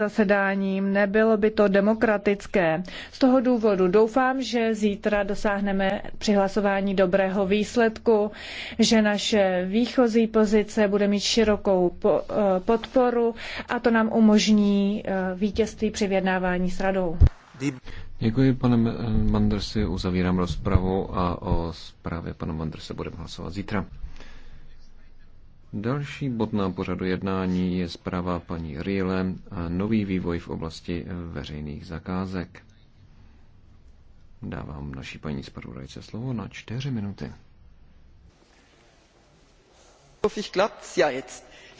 zasedáním, nebylo by to demokratické. Z toho důvodu doufám, že zítra dosáhneme při hlasování dobrého výsledku, že naše výchozí pozice bude mít širokou eh, podporu a to nám umožní eh, vítězství při vyjednávání s radou. Děkuji, pane Mandersi, uzavírám rozpravu a o zprávě pana Manderse budeme hlasovat zítra. Další bod na pořadu jednání je zpráva paní Riele a nový vývoj v oblasti veřejných zakázek. Dávám naší paní zpravodajce slovo na čtyři minuty.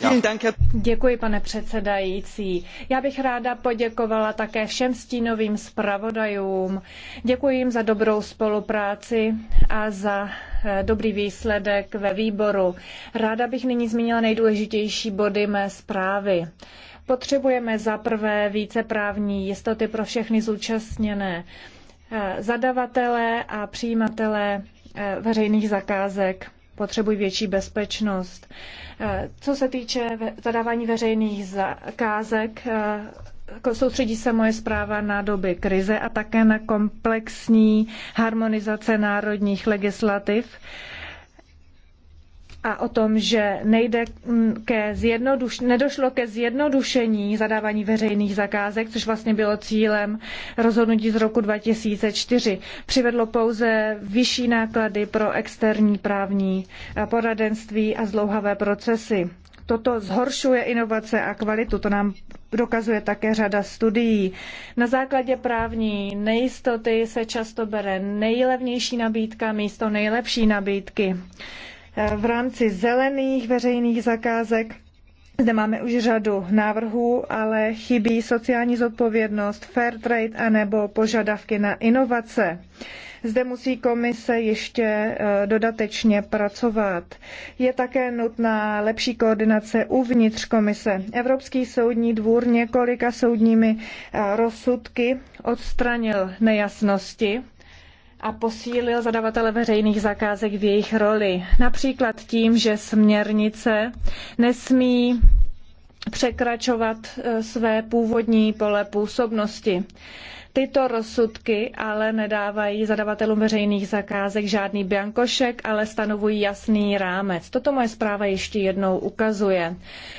Hm. Děkuji, pane předsedající. Já bych ráda poděkovala také všem stínovým zpravodajům. Děkuji jim za dobrou spolupráci a za dobrý výsledek ve výboru. Ráda bych nyní zmínila nejdůležitější body mé zprávy. Potřebujeme za prvé více právní jistoty pro všechny zúčastněné zadavatele a přijímatele eh, veřejných zakázek potřebují větší bezpečnost. Eh, co se týče zadávání veřejných zakázek, eh, soustředí se moje zpráva na doby krize a také na komplexní harmonizace národních legislativ a o tom, že nejde ke zjednoduš... nedošlo ke zjednodušení zadávání veřejných zakázek, což vlastně bylo cílem rozhodnutí z roku 2004. Přivedlo pouze vyšší náklady pro externí právní poradenství a zdlouhavé procesy. Toto zhoršuje inovace a kvalitu, to nám dokazuje také řada studií. Na základě právní nejistoty se často bere nejlevnější nabídka místo nejlepší nabídky. V rámci zelených veřejných zakázek zde máme už řadu návrhů, ale chybí sociální zodpovědnost, fair trade anebo požadavky na inovace. Zde musí komise ještě eh, dodatečně pracovat. Je také nutná lepší koordinace uvnitř komise. Evropský soudní dvůr několika soudními eh, rozsudky odstranil nejasnosti a posílil zadavatele veřejných zakázek v jejich roli. Například tím, že směrnice nesmí překračovat eh, své původní pole působnosti. Tyto rozsudky ale nedávají zadavatelům veřejných zakázek žádný biankošek, ale stanovují jasný rámec. Toto moje zpráva ještě jednou ukazuje.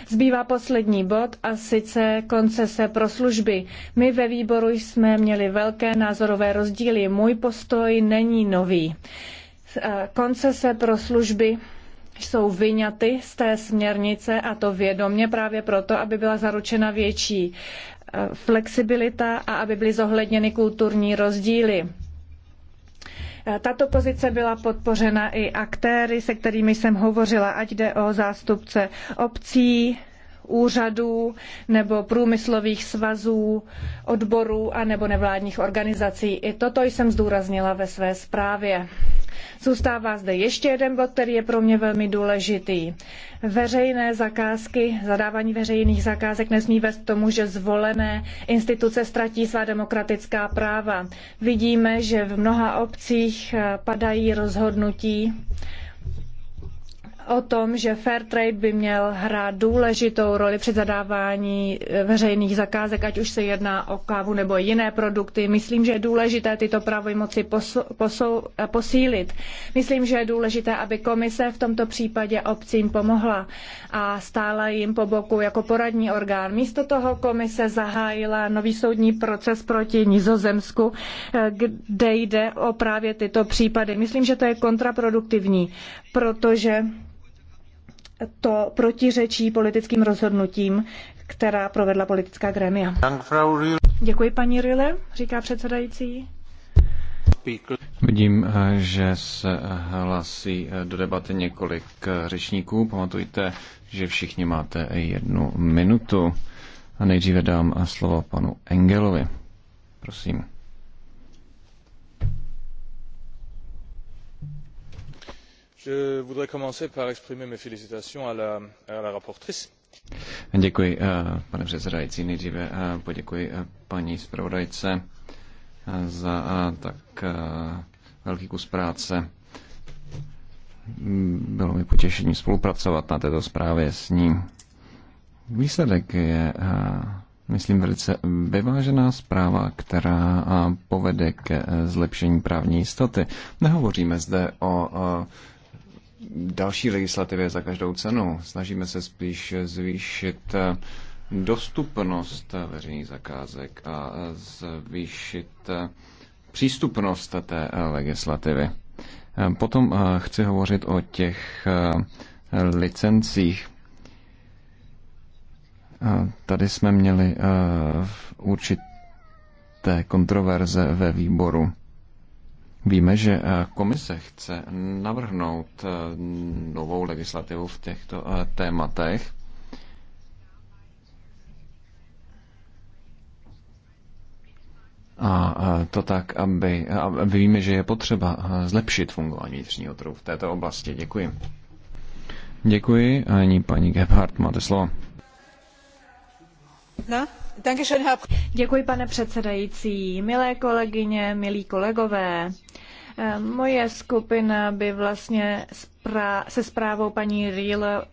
Zbývá poslední bod a sice koncese pro služby. My ve výboru jsme měli velké názorové rozdíly. Můj postoj není nový. Eh, koncese pro služby jsou vyňaty z té směrnice a to vědomě právě proto, aby byla zaručena větší e, flexibilita a aby byly zohledněny kulturní rozdíly. E, tato pozice byla podpořena i aktéry, se kterými jsem hovořila, ať jde o zástupce obcí, úřadů nebo průmyslových svazů, odborů a nebo nevládních organizací. I toto jsem zdůraznila ve své zprávě. Zůstává zde ještě jeden bod, který je pro mě velmi důležitý. Veřejné zakázky, zadávání veřejných zakázek nesmí vést k tomu, že zvolené instituce ztratí svá demokratická práva. Vidíme, že v mnoha obcích eh, padají rozhodnutí, o tom, že fair trade by měl hrát důležitou roli při zadávání eh, veřejných zakázek, ať už se jedná o kávu nebo jiné produkty. Myslím, že je důležité tyto pravomoci eh, posílit. Myslím, že je důležité, aby komise v tomto případě obcím pomohla a stála jim po boku jako poradní orgán. Místo toho komise zahájila nový soudní proces proti Nizozemsku, eh, kde jde o právě tyto případy. Myslím, že to je kontraproduktivní, protože to protiřečí politickým rozhodnutím, která provedla politická grémia. Děkuji, paní Rille, říká předsedající. Vidím, eh, že se eh, hlásí eh, do debaty několik řečníků. Pamatujte, že všichni máte jednu minutu. A nejdříve dám slovo panu Engelovi. Prosím. je voudrais commencer par exprimer mes félicitations à la, à la rapporteure. Děkuji, eh, pane předsedající. Nejdříve eh, poděkuji eh, paní zpravodajce za tak velký kus práce. Bylo mi potěšení spolupracovat na této zprávě s ní. Výsledek je, myslím, velice vyvážená zpráva, která povede ke zlepšení právní jistoty. Nehovoříme zde o další legislativě za každou cenu. Snažíme se spíš zvýšit eh, dostupnost veřejných zakázek a eh, zvýšit eh, přístupnost té legislativy. Potom chci hovořit o těch licencích. Tady jsme měli určité kontroverze ve výboru. Víme, že eh, komise chce navrhnout eh, novou legislativu v těchto eh, tématech. A to tak, aby, aby víme, že je potřeba zlepšit fungování vnitřního trhu v této oblasti. Děkuji. Děkuji. A nyní paní Gebhardt, máte slovo. No? Děkuji, pane předsedající. Milé kolegyně, milí kolegové, eh, moje skupina by vlastně se zprávou paní Riel eh,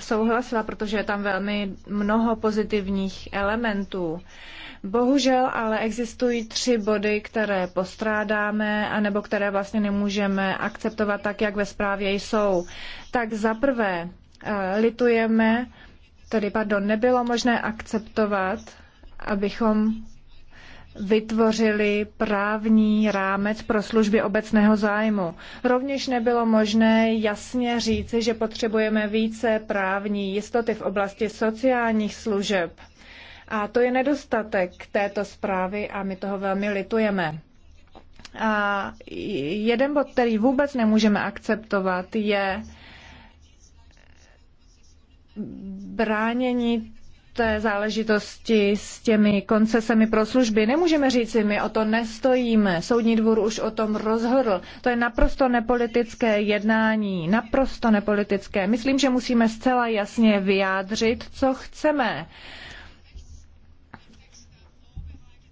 souhlasila, protože je tam velmi mnoho pozitivních elementů. Bohužel ale existují tři body, které postrádáme, anebo které vlastně nemůžeme akceptovat tak, jak ve zprávě jsou. Tak za prvé eh, litujeme, tedy pardon, nebylo možné akceptovat abychom vytvořili právní rámec pro služby obecného zájmu. Rovněž nebylo možné jasně říci, že potřebujeme více právní jistoty v oblasti sociálních služeb. A to je nedostatek této zprávy a my toho velmi litujeme. A jeden bod, který vůbec nemůžeme akceptovat, je bránění té záležitosti s těmi koncesemi pro služby. Nemůžeme říct, my o to nestojíme. Soudní dvůr už o tom rozhodl. To je naprosto nepolitické jednání, naprosto nepolitické. Myslím, že musíme zcela jasně vyjádřit, co chceme.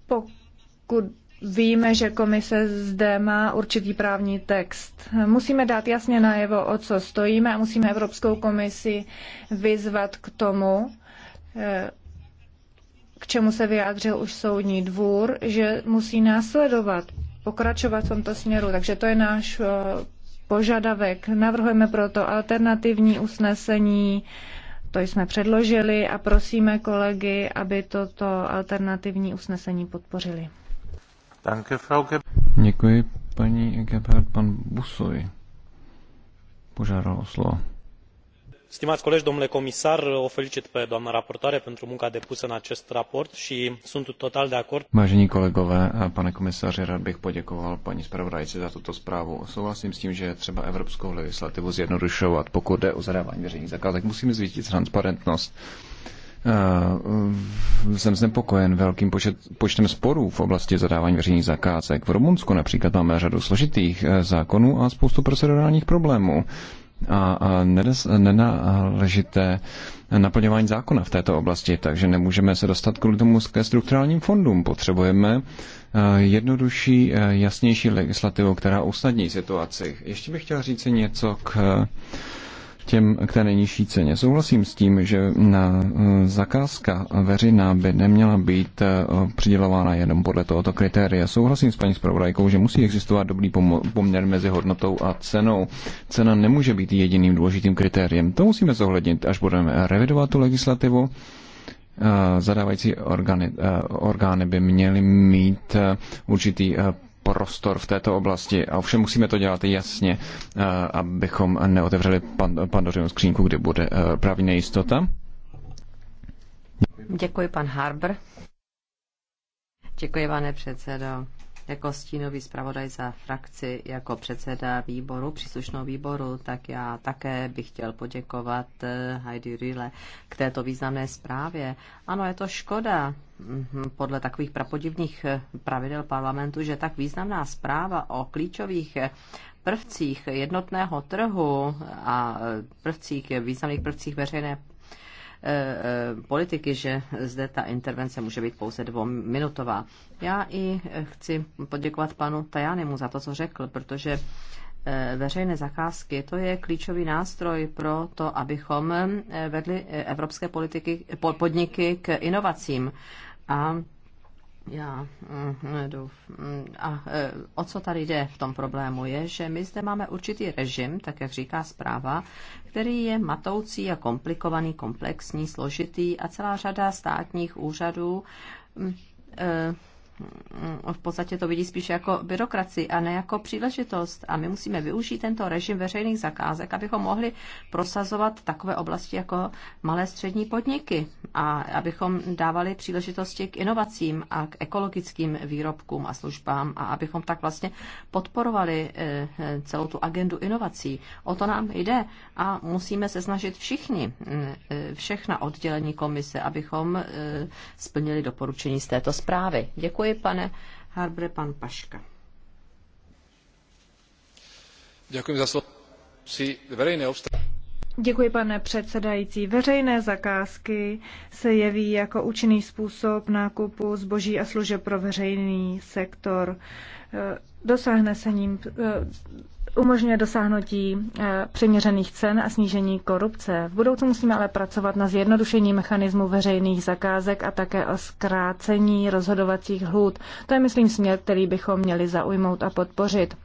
Pokud Víme, že komise zde má určitý právní text. Musíme dát jasně najevo, o co stojíme a musíme Evropskou komisi vyzvat k tomu, k čemu se vyjádřil už soudní dvůr, že musí následovat, pokračovat v tomto směru. Takže to je náš eh, požadavek. Navrhujeme proto alternativní usnesení, to jsme předložili a prosíme kolegy, aby toto alternativní usnesení podpořili. Děkuji paní Gebhardt, pan Busovi požádal o slovo o felicit pe doamna raportoare pentru munca depusă în acest raport și sunt total de acord. Vážení kolegové, pane komisaři, rád bych poděkoval paní zpravodajce za tuto zprávu. Souhlasím s tím, že je třeba evropskou legislativu zjednodušovat. Pokud jde o zadávání veřejných zakázek, musíme zvýšit transparentnost. Eh, jsem znepokojen velkým počet, počtem sporů v oblasti zadávání veřejných zakázek. V Rumunsku například máme řadu složitých eh, zákonů a spoustu procedurálních problémů a nenáležité naplňování zákona v této oblasti, takže nemůžeme se dostat kvůli tomu ke strukturálním fondům. Potřebujeme e, jednodušší, e, jasnější legislativu, která usnadní situaci. Ještě bych chtěl říct něco k těm, k té nejnižší ceně. Souhlasím s tím, že na eh, zakázka veřejná by neměla být eh, přidělována jenom podle tohoto kritéria. Souhlasím s paní zpravodajkou, že musí existovat dobrý poměr mezi hodnotou a cenou. Cena nemůže být jediným důležitým kritériem. To musíme zohlednit, až budeme revidovat tu legislativu eh, zadávající orgány, orgány by měly mít určitý prostor v této oblasti. A ovšem musíme to dělat jasně, eh, abychom neotevřeli pan pandořinu skřínku, kdy bude eh, právě nejistota. Děkuji, pan Harbr. Děkuji, pane předsedo jako stínový zpravodaj za frakci, jako předseda výboru, příslušného výboru, tak já také bych chtěl poděkovat eh, Heidi Rille k této významné zprávě. Ano, je to škoda mhm, podle takových prapodivných eh, pravidel parlamentu, že tak významná zpráva o klíčových eh, prvcích jednotného trhu a prvcích, významných prvcích veřejné Eh, eh, politiky, že zde ta intervence může být pouze dvouminutová. Já i eh, chci poděkovat panu Tajanimu za to, co řekl, protože veřejné zakázky, to je klíčový nástroj pro to, abychom vedli evropské politiky, podniky k inovacím. A já nejdu. Mm, mm, mm, a e, o co tady jde v tom problému je, že my zde máme určitý režim, tak jak říká zpráva, který je matoucí a komplikovaný, komplexní, složitý a celá řada státních úřadů e, v podstatě to vidí spíše jako byrokraci a ne jako příležitost. A my musíme využít tento režim veřejných zakázek, abychom mohli prosazovat takové oblasti jako malé střední podniky a abychom dávali příležitosti k inovacím a k ekologickým výrobkům a službám a abychom tak vlastně podporovali eh, eh, celou tu agendu inovací. O to nám jde a musíme se snažit všichni, mm, eh, všechna oddělení komise, abychom splnili doporučení z této zprávy. Děkuji. Děkuji, pane Harbre, pan Paška. Děkuji za slovo. veřejné Děkuji, pane předsedající. Veřejné zakázky se jeví jako účinný způsob nákupu zboží a služeb pro veřejný sektor. E, dosáhne se ním e, umožňuje dosáhnutí eh, přiměřených cen a snížení korupce. V budoucnu musíme ale pracovat na zjednodušení mechanismu veřejných zakázek a také o zkrácení rozhodovacích hlůd. To je, myslím, směr, který bychom měli zaujmout a podpořit.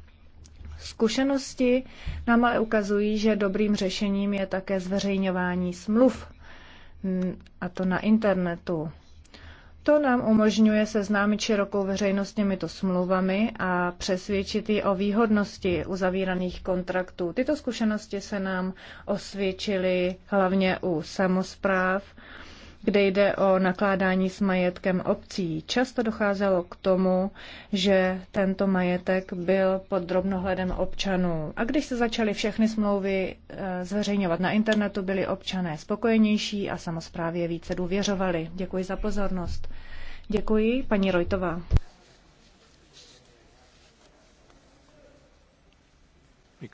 Zkušenosti nám ale ukazují, že dobrým řešením je také zveřejňování smluv, mm, a to na internetu. To nám umožňuje seznámit širokou veřejnost s těmito smlouvami a přesvědčit ji o výhodnosti uzavíraných kontraktů. Tyto zkušenosti se nám osvědčily hlavně u samozpráv, kde jde o nakládání s majetkem obcí. Často docházelo k tomu, že tento majetek byl pod drobnohledem občanů. A když se začaly všechny smlouvy eh, zveřejňovat na internetu, byli občané spokojenější a samozprávě více důvěřovali. Děkuji za pozornost. Děkuji, paní Rojtová.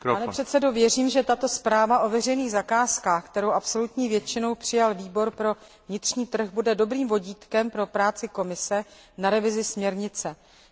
pane předsedo věřím že tato zpráva o veřejných zakázkách kterou absolutní většinou přijal výbor pro vnitřní trh bude dobrým vodítkem pro práci komise na revizi směrnice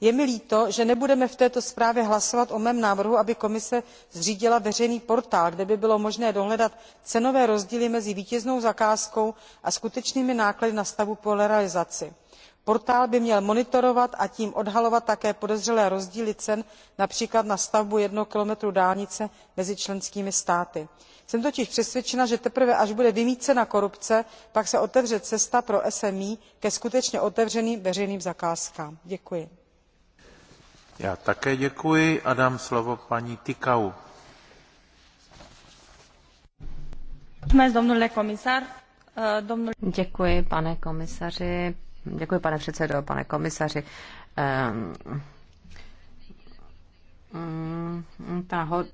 je mi líto že nebudeme v této zprávě hlasovat o mém návrhu aby komise zřídila veřejný portál kde by bylo možné dohledat cenové rozdíly mezi vítěznou zakázkou a skutečnými náklady na stavbu po realizaci. portál by měl monitorovat a tím odhalovat také podezřelé rozdíly cen například na stavbu jednoho kilometru dálnice mezi členskými státy. jsem totiž přesvědčena že teprve až bude vymýcena korupce pak se otevře cesta pro sme ke skutečně otevřeným veřejným zakázkám. děkuji. Já také děkuji a dám slovo paní Tikau. Eh, děkuji, pane komisaři. Děkuji, pane předsedo, pane komisaři. Ehm, Mm, ta ho, eh,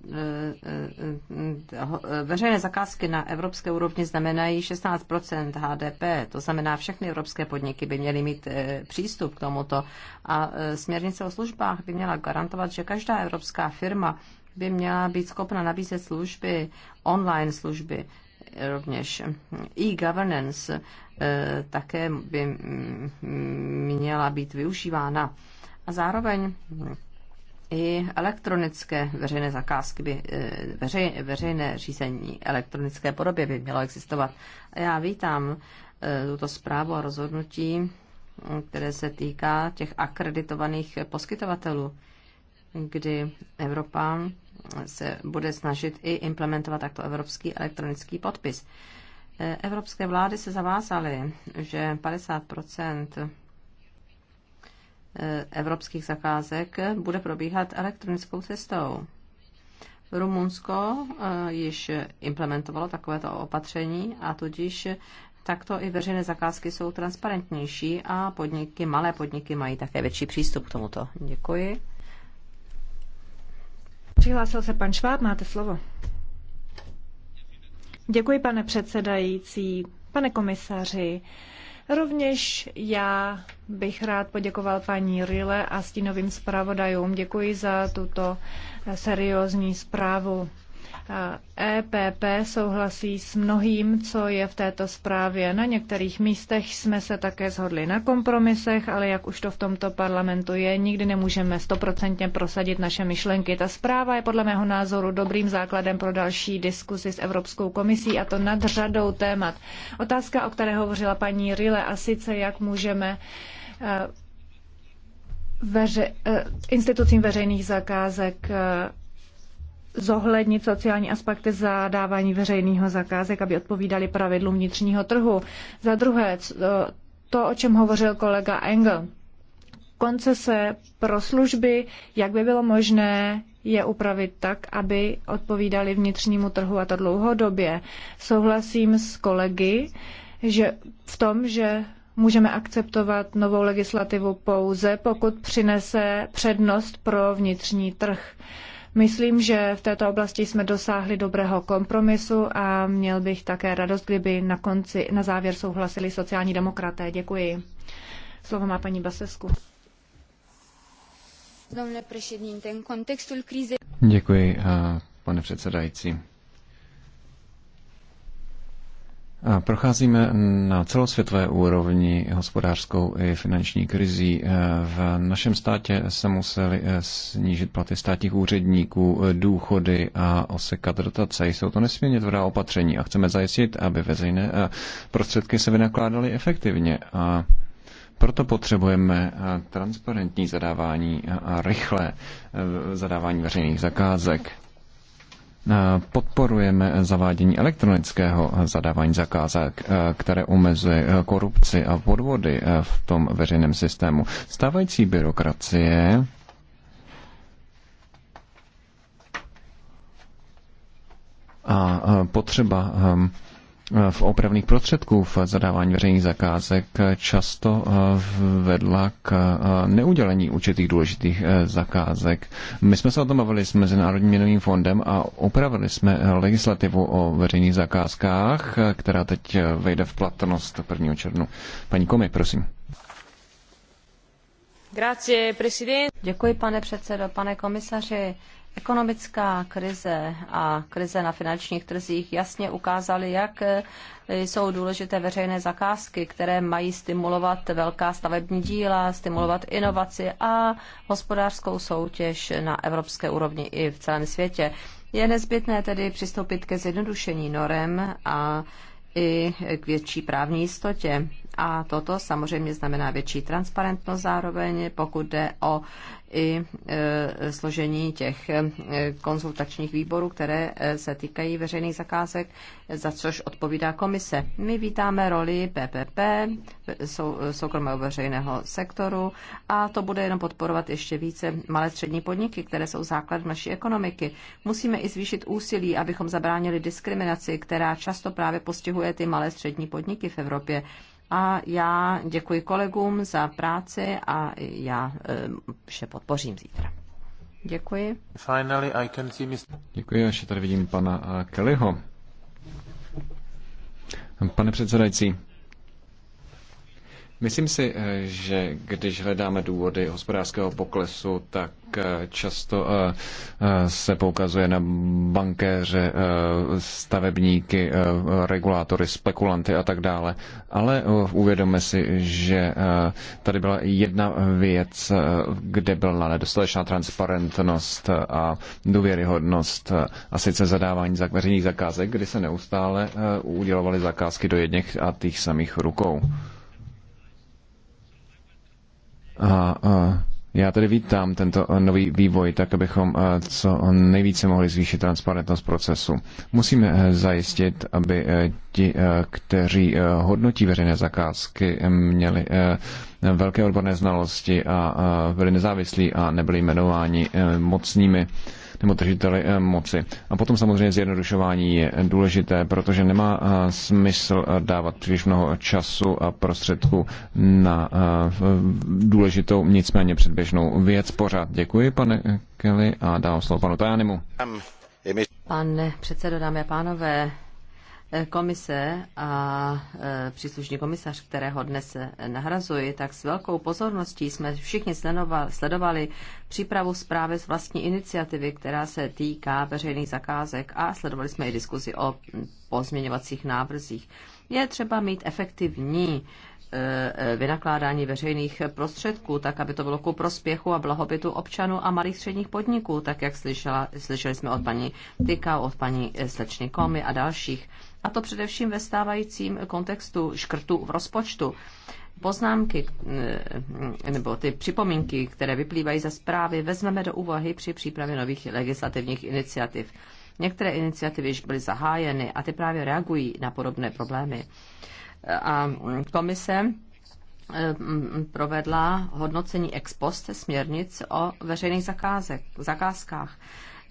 eh, eh, ho, veřejné zakázky na evropské úrovni znamenají 16 HDP. To znamená, všechny evropské podniky by měly mít přístup k tomuto. A směrnice o službách by měla garantovat, že každá evropská firma by měla být schopna nabízet služby, online služby rovněž. E-governance také by mm, měla být využívána. A zároveň hm, i elektronické veřejné zakázky, by, e, veřej, veřejné řízení elektronické podobě by mělo existovat. A já vítám e, tuto zprávu a rozhodnutí, které se týká těch akreditovaných poskytovatelů, kdy Evropa se bude snažit i implementovat takto evropský elektronický podpis. E, evropské vlády se zavázaly, že 50 Eh, evropských zakázek bude probíhat elektronickou cestou. Rumunsko eh, již implementovalo takovéto opatření a tudíž takto i veřejné zakázky jsou transparentnější a podniky, malé podniky mají také větší přístup k tomuto. Děkuji. Přihlásil se pan Šváb, máte slovo. Děkuji, pane předsedající, pane komisaři. Rovněž já bych rád poděkoval paní Rile a stínovým zpravodajům. Děkuji za tuto seriózní zprávu. EPP souhlasí s mnohým, co je v této zprávě. Na některých místech jsme se také shodli na kompromisech, ale jak už to v tomto parlamentu je, nikdy nemůžeme stoprocentně prosadit naše myšlenky. Ta zpráva je podle mého názoru dobrým základem pro další diskusi s Evropskou komisí a to nad řadou témat. Otázka, o které hovořila paní Rile, a sice jak můžeme eh, veře, eh, institucím veřejných zakázek eh, zohlednit sociální aspekty zadávání veřejného zakázek, aby odpovídali pravidlu vnitřního trhu. Za druhé, e, to, o čem hovořil kolega Engel, koncese pro služby, jak by bylo možné je upravit tak, aby odpovídali vnitřnímu trhu a to dlouhodobě. Souhlasím s kolegy že v tom, že můžeme akceptovat novou legislativu pouze, pokud přinese přednost pro vnitřní trh. Myslím, že v této oblasti jsme dosáhli dobrého kompromisu a měl bych také radost, kdyby na, konci, na závěr souhlasili sociální demokraté. Děkuji. Slovo má paní Basesku. Děkuji, eh, pane předsedající. Procházíme na celosvětové úrovni hospodářskou i finanční krizí. E, v našem státě se museli e, snížit platy státních úředníků, e, důchody a osekat dotace. Jsou to nesmírně tvrdá opatření a chceme zajistit, aby veřejné prostředky se vynakládaly efektivně. A proto potřebujeme transparentní zadávání a rychlé zadávání veřejných zakázek. Eh, podporujeme zavádění elektronického zadávání zakázek, eh, které omezuje eh, korupci a podvody v tom veřejném systému. Stávající byrokracie a potřeba ehm, v opravných prostředků v zadávání veřejných zakázek často eh, vedla k eh, neudělení určitých důležitých eh, zakázek. My jsme se o tom bavili s Mezinárodním měnovým fondem a upravili jsme legislativu o veřejných zakázkách, která teď vejde v platnost 1. červnu. Paní Komi, prosím. Děkuji, pane předsedo, pane komisaři. Ekonomická krize a krize na finančních trzích jasně ukázaly, jak eh, jsou důležité veřejné zakázky, které mají stimulovat velká stavební díla, stimulovat inovaci a hospodářskou soutěž na evropské úrovni i v celém světě. Je nezbytné tedy přistoupit ke zjednodušení norem a i k větší právní jistotě. A toto samozřejmě znamená větší transparentnost zároveň, pokud jde o i e, složení těch e, konzultačních výborů, které e, se týkají veřejných zakázek, za což odpovídá komise. My vítáme roli PPP, sou, soukromého veřejného sektoru a to bude jenom podporovat ještě více malé střední podniky, které jsou základ naší ekonomiky. Musíme i zvýšit úsilí, abychom zabránili diskriminaci, která často právě postihuje ty malé střední podniky v Evropě a já děkuji kolegům za práci a já eh, vše podpořím zítra. Děkuji. Finally, I can see Mr. Děkuji, až tady vidím pana eh, Kellyho. Pane předsedající, Myslím si, eh, že když hledáme důvody hospodářského poklesu, tak eh, často eh, se poukazuje na bankéře, stavebníky, regulátory, spekulanty a tak dále. Ale uvědomme si, že tady byla jedna věc, kde byla nedostatečná transparentnost a důvěryhodnost a sice zadávání veřejných zakázek, kdy se neustále udělovaly zakázky do jedněch a těch samých rukou. A, a já tedy vítám tento eh, nový vývoj, tak abychom eh, co nejvíce mohli zvýšit transparentnost procesu. Musíme eh, zajistit, aby ti, kteří hodnotí veřejné zakázky, měli velké odborné znalosti a byli nezávislí a nebyli jmenováni mocnými nebo držiteli eh, moci. A potom samozřejmě zjednodušování je důležité, protože nemá eh, smysl eh, dávat příliš mnoho času a prostředků na důležitou, nicméně předběžnou věc. Pořád děkuji, pane Kelly, a dám slovo panu Tajanimu. Pane předsedo, dámy a pánové, Komise a e, příslušný komisař, kterého dnes nahrazuji, tak s velkou pozorností jsme všichni sledovali přípravu zprávy z vlastní iniciativy, která se týká veřejných zakázek a sledovali jsme i diskuzi o pozměňovacích návrzích. Je třeba mít efektivní e, e, vynakládání veřejných prostředků, tak aby to bylo ku prospěchu a blahobytu občanů a malých středních podniků, tak jak slyšela, slyšeli jsme od paní Tyka, od paní Slečny Komy a dalších a to především ve stávajícím kontextu škrtu v rozpočtu. Poznámky eh, nebo ty připomínky, které vyplývají ze zprávy, vezmeme do úvahy při přípravě nových legislativních iniciativ. Některé iniciativy již byly zahájeny a ty právě reagují na podobné problémy. A komise eh, provedla hodnocení ex post směrnic o veřejných zakázek, zakázkách.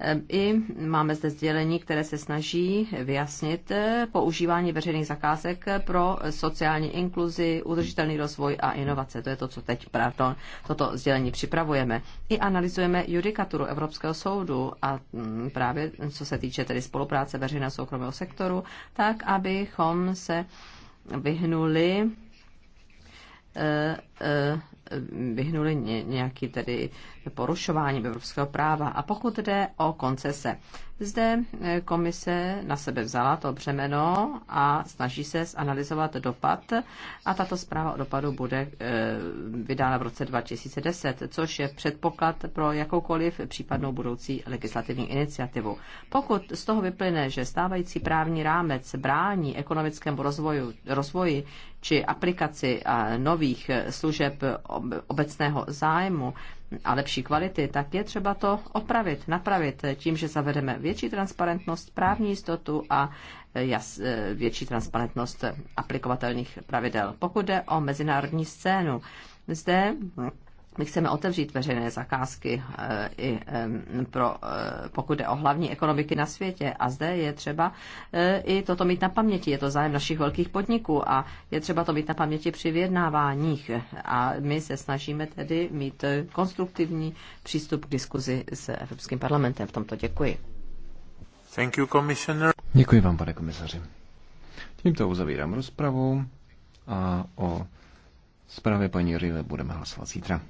Ehm, I máme zde sdělení, které se snaží vyjasnit eh, používání veřejných zakázek pro sociální inkluzi, udržitelný rozvoj a inovace. To je to, co teď, právě toto sdělení připravujeme. I analyzujeme judikaturu Evropského soudu a hm, právě co se týče tedy spolupráce veřejného soukromého sektoru, tak abychom se vyhnuli eh, eh, vyhnuli nějaký tedy porušování evropského práva. A pokud jde o koncese, zde eh, komise na sebe vzala to břemeno a snaží se zanalizovat dopad a tato zpráva o dopadu bude eh, vydána v roce 2010, což je předpoklad pro jakoukoliv případnou budoucí legislativní iniciativu. Pokud z toho vyplyne, že stávající právní rámec brání ekonomickému rozvoju, rozvoji či aplikaci nových eh, služeb obecného zájmu, a lepší kvality, tak je třeba to opravit, napravit tím, že zavedeme větší transparentnost, právní jistotu a eh, jas, eh, větší transparentnost aplikovatelných pravidel. Pokud jde o mezinárodní scénu, zde my chceme otevřít veřejné zakázky, eh, i pro, eh, pokud jde o hlavní ekonomiky na světě. A zde je třeba eh, i toto mít na paměti. Je to zájem našich velkých podniků a je třeba to mít na paměti při vyjednáváních. A my se snažíme tedy mít konstruktivní přístup k diskuzi s Evropským parlamentem. V tomto děkuji. Thank you, commissioner. Děkuji vám, pane komisaři. Tímto uzavírám rozpravu a o zprávě paní Rile budeme hlasovat zítra.